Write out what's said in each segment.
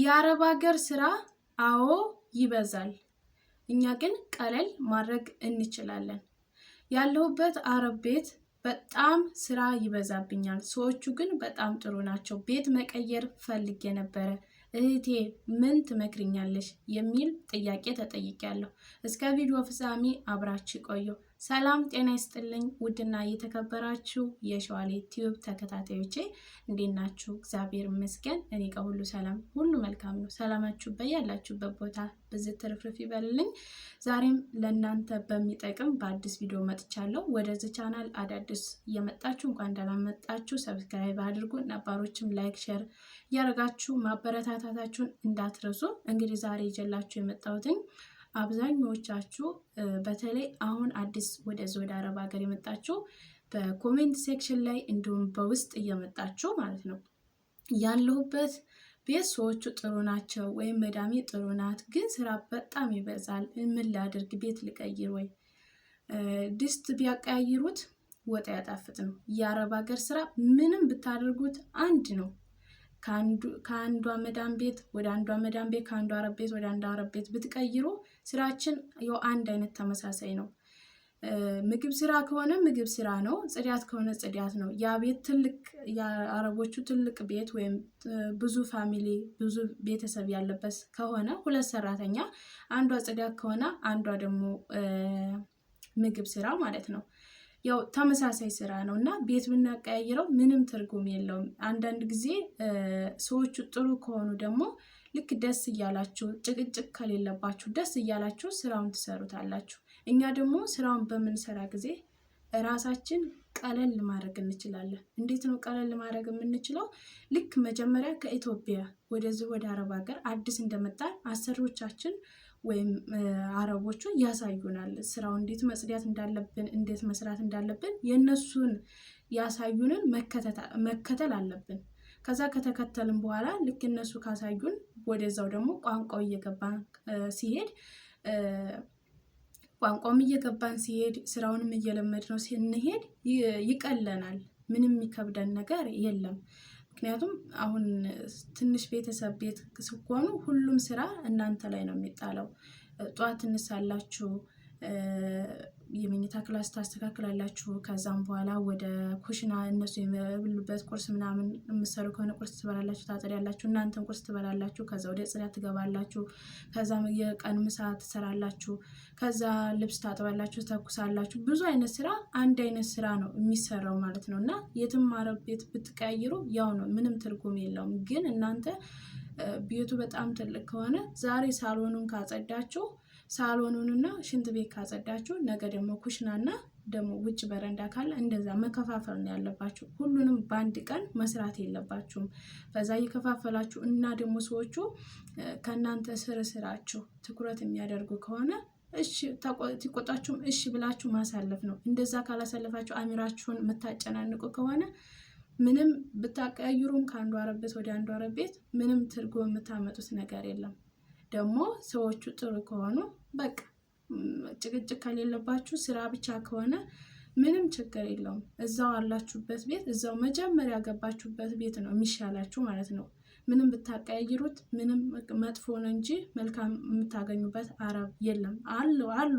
የአረብ ሀገር ስራ አዎ ይበዛል። እኛ ግን ቀለል ማድረግ እንችላለን። ያለሁበት አረብ ቤት በጣም ስራ ይበዛብኛል። ሰዎቹ ግን በጣም ጥሩ ናቸው። ቤት መቀየር ፈልጌ ነበረ። እህቴ ምን ትመክርኛለሽ? የሚል ጥያቄ ተጠይቄያለሁ። እስከ ቪዲዮ ፍጻሜ አብራችሁ ቆየው። ሰላም ጤና ይስጥልኝ። ውድና እየተከበራችሁ የሸዋሌ ቲዩብ ተከታታዮቼ እንዴት ናችሁ? እግዚአብሔር ይመስገን፣ እኔ ሁሉ ሰላም፣ ሁሉ መልካም ነው። ሰላማችሁ በያላችሁበት ቦታ ብዝ ትርፍርፍ ይበልልኝ። ዛሬም ለእናንተ በሚጠቅም በአዲስ ቪዲዮ መጥቻለሁ። ወደዚህ ቻናል አዳዲስ እየመጣችሁ እንኳን እንዳላመጣችሁ ሰብስክራይብ አድርጉ፣ ነባሮችም ላይክ፣ ሼር እያደረጋችሁ ማበረታታታችሁን እንዳትረሱ። እንግዲህ ዛሬ ይዤላችሁ የመጣሁትኝ አብዛኞቻችሁ በተለይ አሁን አዲስ ወደዚ ወደ አረብ ሀገር የመጣችሁ በኮሜንት ሴክሽን ላይ እንዲሁም በውስጥ እየመጣችሁ ማለት ነው ያለሁበት ቤት ሰዎቹ ጥሩ ናቸው ወይም መዳሜ ጥሩ ናት፣ ግን ስራ በጣም ይበዛል። ምን ላድርግ? ቤት ልቀይር ወይ? ድስት ቢያቀያይሩት ወጥ ያጣፍጥ ነው። የአረብ ሀገር ስራ ምንም ብታደርጉት አንድ ነው። ከአንዷ መዳም ቤት ወደ አንዷ መዳም ቤት፣ ከአንዷ አረብ ቤት ወደ አንዷ አረብ ቤት ብትቀይሩ ስራችን የው አንድ አይነት ተመሳሳይ ነው። ምግብ ስራ ከሆነ ምግብ ስራ ነው፣ ጽዳት ከሆነ ጽዳት ነው። ያ ቤት ትልቅ የአረቦቹ ትልቅ ቤት ወይም ብዙ ፋሚሊ ብዙ ቤተሰብ ያለበት ከሆነ ሁለት ሰራተኛ፣ አንዷ ጽዳት ከሆነ አንዷ ደግሞ ምግብ ስራ ማለት ነው። ያው ተመሳሳይ ስራ ነው እና ቤት ብናቀያይረው ምንም ትርጉም የለውም። አንዳንድ ጊዜ ሰዎቹ ጥሩ ከሆኑ ደግሞ ልክ ደስ እያላችሁ ጭቅጭቅ ከሌለባችሁ ደስ እያላችሁ ስራውን ትሰሩታላችሁ። እኛ ደግሞ ስራውን በምንሰራ ጊዜ ራሳችን ቀለል ማድረግ እንችላለን። እንዴት ነው ቀለል ማድረግ የምንችለው? ልክ መጀመሪያ ከኢትዮጵያ ወደዚህ ወደ አረብ ሀገር አዲስ እንደመጣ አሰሪዎቻችን ወይም አረቦቹ ያሳዩናል። ስራው እንዴት መጽዳት እንዳለብን፣ እንዴት መስራት እንዳለብን የእነሱን ያሳዩንን መከተል አለብን። ከዛ ከተከተልን በኋላ ልክ እነሱ ካሳዩን ወደዛው ደግሞ ቋንቋው እየገባን ሲሄድ ቋንቋውም እየገባን ሲሄድ ስራውንም እየለመድ ነው ስንሄድ ይቀለናል። ምንም የሚከብደን ነገር የለም። ምክንያቱም አሁን ትንሽ ቤተሰብ ቤት ስኮኑ ሁሉም ስራ እናንተ ላይ ነው የሚጣለው። ጠዋት እንሳላችሁ የመኝታ ክላስ ታስተካክላላችሁ። ከዛም በኋላ ወደ ኩሽና እነሱ የሚበሉበት ቁርስ ምናምን የምሰሩ ከሆነ ቁርስ ትበላላችሁ፣ ታጠዳላችሁ፣ እናንተም ቁርስ ትበላላችሁ። ከዛ ወደ ጽዳት ትገባላችሁ። ከዛ የቀን ምሳ ትሰራላችሁ። ከዛ ልብስ ታጥባላችሁ፣ ተኩሳላችሁ። ብዙ አይነት ስራ አንድ አይነት ስራ ነው የሚሰራው ማለት ነው እና የትም አረብ ቤት ብትቀያይሩ ያው ነው፣ ምንም ትርጉም የለውም። ግን እናንተ ቤቱ በጣም ትልቅ ከሆነ ዛሬ ሳሎኑን ካጸዳችሁ ሳሎኑንና ሽንት ቤት ካጸዳችሁ ነገ ደግሞ ኩሽናና ደግሞ ውጭ በረንዳ ካለ እንደዛ መከፋፈል ነው ያለባችሁ። ሁሉንም በአንድ ቀን መስራት የለባችሁም። በዛ እየከፋፈላችሁ እና ደግሞ ሰዎቹ ከእናንተ ስር ስራችሁ ትኩረት የሚያደርጉ ከሆነ እሺ ሲቆጣችሁም እሺ ብላችሁ ማሳለፍ ነው። እንደዛ ካላሳለፋችሁ አሚራችሁን የምታጨናንቁ ከሆነ ምንም ብታቀያይሩም ከአንዷ አረብ ወደ አንዷ አረብ ቤት ምንም ትርጉም የምታመጡት ነገር የለም። ደግሞ ሰዎቹ ጥሩ ከሆኑ በቃ ጭቅጭቅ ከሌለባችሁ ስራ ብቻ ከሆነ ምንም ችግር የለውም። እዛው አላችሁበት ቤት እዛው መጀመሪያ ያገባችሁበት ቤት ነው የሚሻላችሁ ማለት ነው። ምንም ብታቀያይሩት ምንም መጥፎ ነው እንጂ መልካም የምታገኙበት አረብ የለም። አሉ አሉ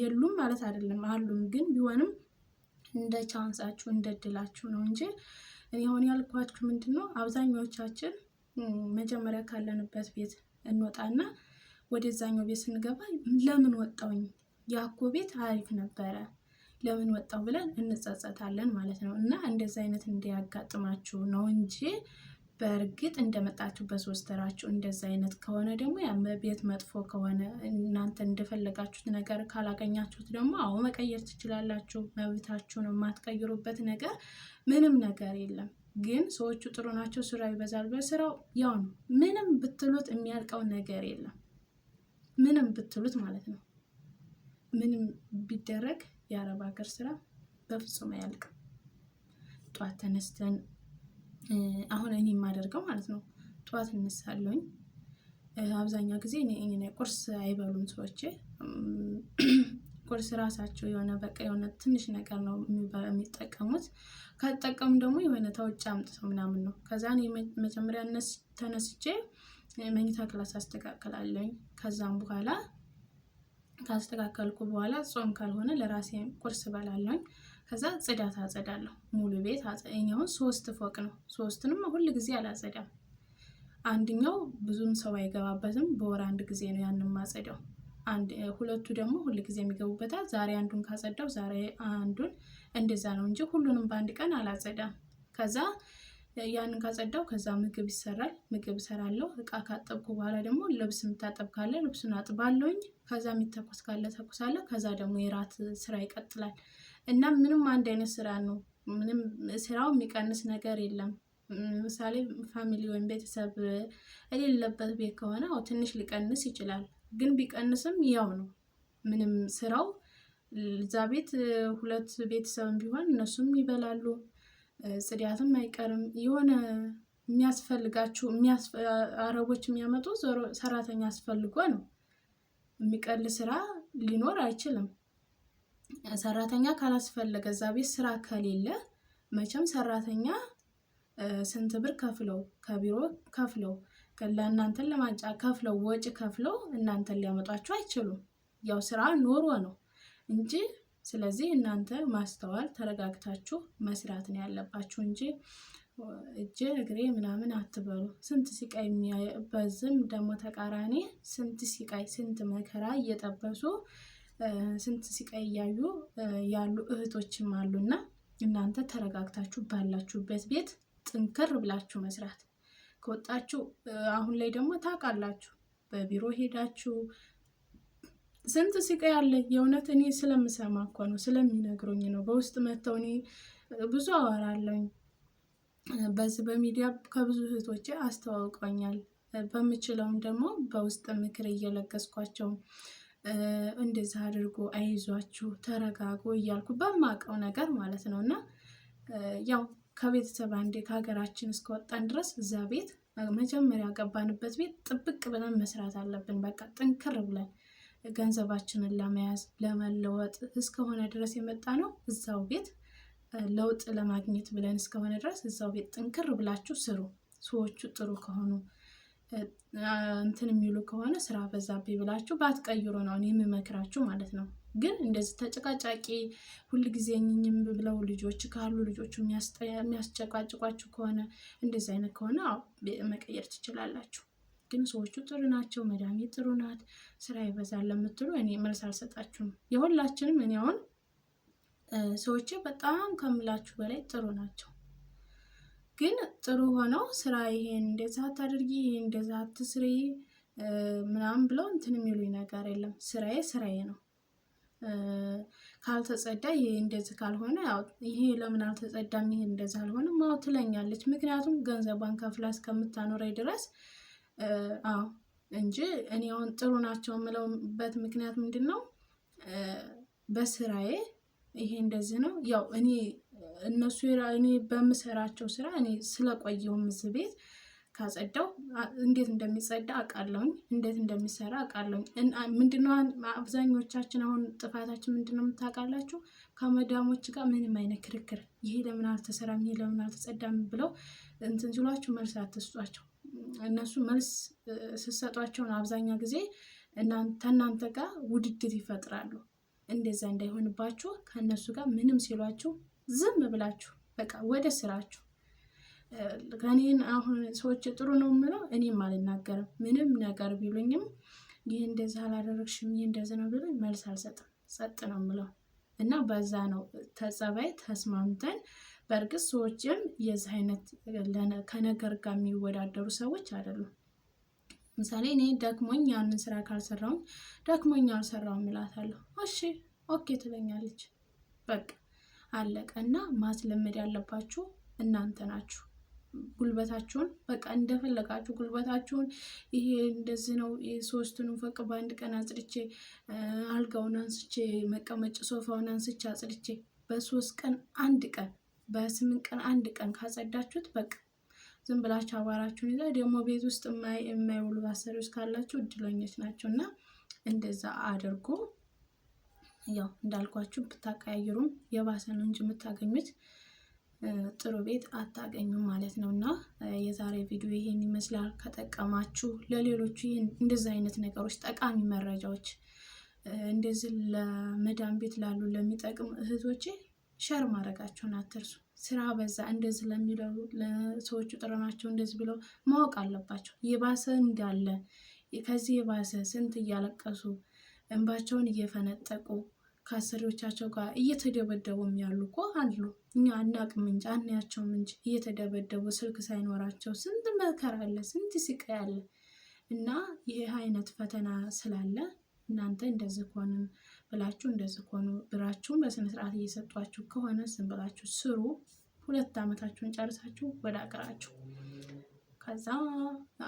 የሉም ማለት አይደለም፣ አሉም ግን ቢሆንም እንደ ቻንሳችሁ እንደ እድላችሁ ነው እንጂ እኔ አሁን ያልኳችሁ ምንድን ነው አብዛኛዎቻችን መጀመሪያ ካለንበት ቤት እንወጣና ወደዛኛው ቤት ስንገባ ለምን ወጣውኝ ያኮ ቤት አሪፍ ነበረ ለምን ወጣው ብለን እንጸጸታለን ማለት ነው። እና እንደዚ አይነት እንዲያጋጥማችሁ ነው እንጂ በእርግጥ እንደመጣችሁ በሶስተራችሁ እንደዚ አይነት ከሆነ ደግሞ ያ ቤት መጥፎ ከሆነ እናንተ እንደፈለጋችሁት ነገር ካላገኛችሁት ደግሞ አዎ መቀየር ትችላላችሁ። መብታችሁ ነው። የማትቀይሩበት ነገር ምንም ነገር የለም። ግን ሰዎቹ ጥሩ ናቸው። ስራው ይበዛል። በስራው ያው ነው። ምንም ብትሉት የሚያልቀው ነገር የለም። ምንም ብትሉት ማለት ነው። ምንም ቢደረግ የአረብ ሀገር ስራ በፍጹም አያልቅም። ጠዋት ተነስተን አሁን እኔ የማደርገው ማለት ነው። ጠዋት እነሳለሁኝ። አብዛኛው ጊዜ ቁርስ አይበሉም ሰዎች ቁርስ ራሳቸው የሆነ በቃ የሆነ ትንሽ ነገር ነው የሚጠቀሙት። ከተጠቀሙ ደግሞ የሆነ ተውጭ አምጥተው ምናምን ነው። ከዛ መጀመሪያ ተነስቼ መኝታ ክላስ አስተካከላለኝ። ከዛም በኋላ ካስተካከልኩ በኋላ ጾም ካልሆነ ለራሴ ቁርስ እበላለኝ። ከዛ ጽዳት አጸዳለሁ። ሙሉ ቤት አሁን ሶስት ፎቅ ነው። ሶስቱንም ሁል ጊዜ አላጸዳም። አንድኛው ብዙም ሰው አይገባበትም። በወር አንድ ጊዜ ነው ያንን ማጸዳው። አንድ ሁለቱ ደግሞ ጊዜ የሚገቡበታል። ዛሬ አንዱን ካጸዳው ዛሬ አንዱን እንደዛ ነው እንጂ ሁሉንም በአንድ ቀን አላጸዳም። ከዛ ያንን ካጸዳው ከዛ ምግብ ይሰራል። ምግብ እሰራለሁ። እቃ ካጠብኩ በኋላ ደግሞ ልብስ የምታጠብ ካለ ልብሱን አጥባለሁኝ። ከዛ የሚተኩስ ካለ ተኩሳለሁ። ከዛ ደግሞ የራት ስራ ይቀጥላል እና ምንም አንድ አይነት ስራ ነው። ምንም ስራው የሚቀንስ ነገር የለም። ምሳሌ ፋሚሊ ወይም ቤተሰብ የሌለበት ቤት ከሆነ ትንሽ ሊቀንስ ይችላል። ግን ቢቀንስም ያው ነው። ምንም ስራው እዛ ቤት ሁለት ቤተሰብም ቢሆን እነሱም ይበላሉ። ጽዳትም አይቀርም የሆነ የሚያስፈልጋችሁ አረቦች የሚያመጡ ዞሮ ሰራተኛ አስፈልጎ ነው። የሚቀል ስራ ሊኖር አይችልም። ሰራተኛ ካላስፈለገ እዛ ቤት ስራ ከሌለ መቼም ሰራተኛ ስንት ብር ከፍለው ከቢሮ ከፍለው ለእናንተን ለማንጫ ከፍለው ወጪ ከፍለው እናንተን ሊያመጧችሁ አይችሉም። ያው ስራ ኖሮ ነው እንጂ ስለዚህ እናንተ ማስተዋል ተረጋግታችሁ መስራት ነው ያለባችሁ እንጂ እጅ እግሬ ምናምን አትበሉ። ስንት ሲቃይ በዝም ደግሞ ተቃራኒ ስንት ሲቃይ ስንት መከራ እየጠበሱ ስንት ሲቃይ እያዩ ያሉ እህቶችም አሉና እናንተ ተረጋግታችሁ ባላችሁበት ቤት ጥንክር ብላችሁ መስራት ከወጣችሁ አሁን ላይ ደግሞ ታውቃላችሁ፣ በቢሮ ሄዳችሁ ስንት ስቃይ ያለ የእውነት እኔ ስለምሰማ እኮ ነው ስለሚነግሩኝ ነው። በውስጥ መተው እኔ ብዙ አወራለኝ። በዚህ በሚዲያ ከብዙ እህቶች አስተዋውቀኛል። በምችለውም ደግሞ በውስጥ ምክር እየለገስኳቸው እንደዚህ አድርጎ አይዟችሁ፣ ተረጋጉ እያልኩ በማውቀው ነገር ማለት ነው እና ያው ከቤተሰብ አንዴ ከሀገራችን እስከወጣን ድረስ እዛ ቤት መጀመሪያ ገባንበት ቤት ጥብቅ ብለን መስራት አለብን። በቃ ጥንክር ብለን ገንዘባችንን ለመያዝ ለመለወጥ እስከሆነ ድረስ የመጣ ነው። እዛው ቤት ለውጥ ለማግኘት ብለን እስከሆነ ድረስ እዛው ቤት ጥንክር ብላችሁ ስሩ። ሰዎቹ ጥሩ ከሆኑ እንትን የሚሉ ከሆነ ስራ በዛብኝ ብላችሁ ባትቀይሩ ነው የምመክራችሁ ማለት ነው። ግን እንደዚህ ተጨቃጫቂ ሁልጊዜ ጊዜኝም ብለው ልጆች ካሉ ልጆቹ የሚያስጨቃጭቋችሁ ከሆነ እንደዚህ አይነት ከሆነ መቀየር ትችላላችሁ። ግን ሰዎቹ ጥሩ ናቸው፣ መዳሜ ጥሩ ናት፣ ስራ ይበዛል ለምትሉ እኔ መልስ አልሰጣችሁም። የሁላችንም እኔ አሁን ሰዎቼ በጣም ከምላችሁ በላይ ጥሩ ናቸው። ግን ጥሩ ሆነው ስራ ይሄን እንደዛ አታድርጊ፣ ይሄ እንደዛ አትስሪ ምናምን ብለው እንትን የሚሉኝ ነገር የለም። ስራዬ ስራዬ ነው። ካልተጸዳ ይሄ እንደዚህ ካልሆነ ይሄ ለምን አልተጸዳም፣ ይሄ እንደዚህ አልሆነ ማው ትለኛለች። ምክንያቱም ገንዘቧን ከፍላ እስከምታኖረኝ ድረስ አዎ እንጂ እኔ አሁን ጥሩ ናቸው የምለውበት ምክንያት ምንድን ነው? በስራዬ ይሄ እንደዚህ ነው። ያው እኔ እነሱ እኔ በምሰራቸው ስራ እኔ ስለቆየውም እዚህ ቤት ካጸዳው እንዴት እንደሚጸዳ አውቃለሁኝ፣ እንዴት እንደሚሰራ አውቃለሁኝ። ምንድነው አብዛኞቻችን አሁን ጥፋታችን ምንድነው የምታውቃላችሁ? ከመዳሞች ጋር ምንም አይነት ክርክር ይሄ ለምን አልተሰራም፣ ይሄ ለምን አልተጸዳም ብለው እንትን ሲሏችሁ መልስ አትስጧቸው። እነሱ መልስ ስትሰጧቸውን አብዛኛ ጊዜ ከእናንተ ጋር ውድድር ይፈጥራሉ። እንደዛ እንዳይሆንባችሁ ከእነሱ ጋር ምንም ሲሏችሁ ዝም ብላችሁ በቃ ወደ ስራችሁ እኔን አሁን ሰዎች ጥሩ ነው የምለው እኔም አልናገርም። ምንም ነገር ቢሉኝም ይህ እንደዚህ አላደረግሽም፣ ይህ እንደዚህ ነው ቢሉኝ መልስ አልሰጥም፣ ጸጥ ነው የምለው እና በዛ ነው ተጸባይ ተስማምተን። በእርግጥ ሰዎችም የዚህ አይነት ከነገር ጋር የሚወዳደሩ ሰዎች አይደሉም። ምሳሌ እኔ ደክሞኝ ያንን ስራ ካልሰራውኝ ደክሞኝ አልሰራውም እላታለሁ። እሺ ኦኬ ትለኛለች። በቃ አለቀ። እና ማስለመድ ያለባችሁ እናንተ ናችሁ። ጉልበታችሁን በቃ እንደፈለጋችሁ ጉልበታችሁን ይሄ እንደዚህ ነው። ሶስቱንም ፈቅ በአንድ ቀን አጽድቼ አልጋውን አንስቼ መቀመጭ ሶፋውን አንስቼ አጽድቼ በሶስት ቀን አንድ ቀን በስምንት ቀን አንድ ቀን ካጸዳችሁት በቃ ዝም ብላችሁ አቧራችሁን ይዛ ደግሞ ቤት ውስጥ የማይውሉ ባሰሪዎች ካላችሁ እድለኞች ናቸው እና እንደዛ አድርጎ ያው እንዳልኳችሁ ብታቀያየሩም የባሰ ነው እንጂ የምታገኙት ጥሩ ቤት አታገኙም ማለት ነው። እና የዛሬ ቪዲዮ ይሄን ይመስላል። ከጠቀማችሁ ለሌሎቹ እንደዚህ አይነት ነገሮች ጠቃሚ መረጃዎች እንደዚህ ለመዳን ቤት ላሉ ለሚጠቅም እህቶቼ ሸር ማድረጋቸውን አትርሱ። ስራ በዛ እንደዚህ ለሚለው ለሰዎቹ ጥረናቸው እንደዚህ ብለው ማወቅ አለባቸው። የባሰ እንዳለ ከዚህ የባሰ ስንት እያለቀሱ እንባቸውን እየፈነጠቁ ከአሰሪዎቻቸው ጋር እየተደበደቡም ያሉ እኮ አሉ። እኛ አናቅም እንጂ አናያቸውም እንጂ እየተደበደቡ ስልክ ሳይኖራቸው ስንት መከራ አለ፣ ስንት ስቃይ አለ። እና ይሄ አይነት ፈተና ስላለ እናንተ እንደዚህ ከሆኑ ብላችሁ እንደዚህ ከሆኑ ብራችሁን በስነስርዓት እየሰጧችሁ ከሆነ ዝም ብላችሁ ስሩ። ሁለት ዓመታችሁን ጨርሳችሁ ወደ አገራችሁ ከዛ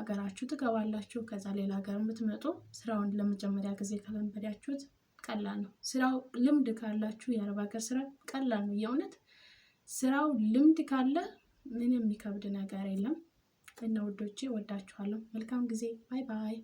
አገራችሁ ትገባላችሁ። ከዛ ሌላ ሀገር የምትመጡ ስራውን ለመጀመሪያ ጊዜ ከለመዳችሁት ቀላል ነው። ስራው ልምድ ካላችሁ የአረብ ሀገር ስራ ቀላል ነው። የእውነት ስራው ልምድ ካለ ምንም የሚከብድ ነገር የለም። እና ውዶቼ ወዳችኋለሁ። መልካም ጊዜ። ባይ ባይ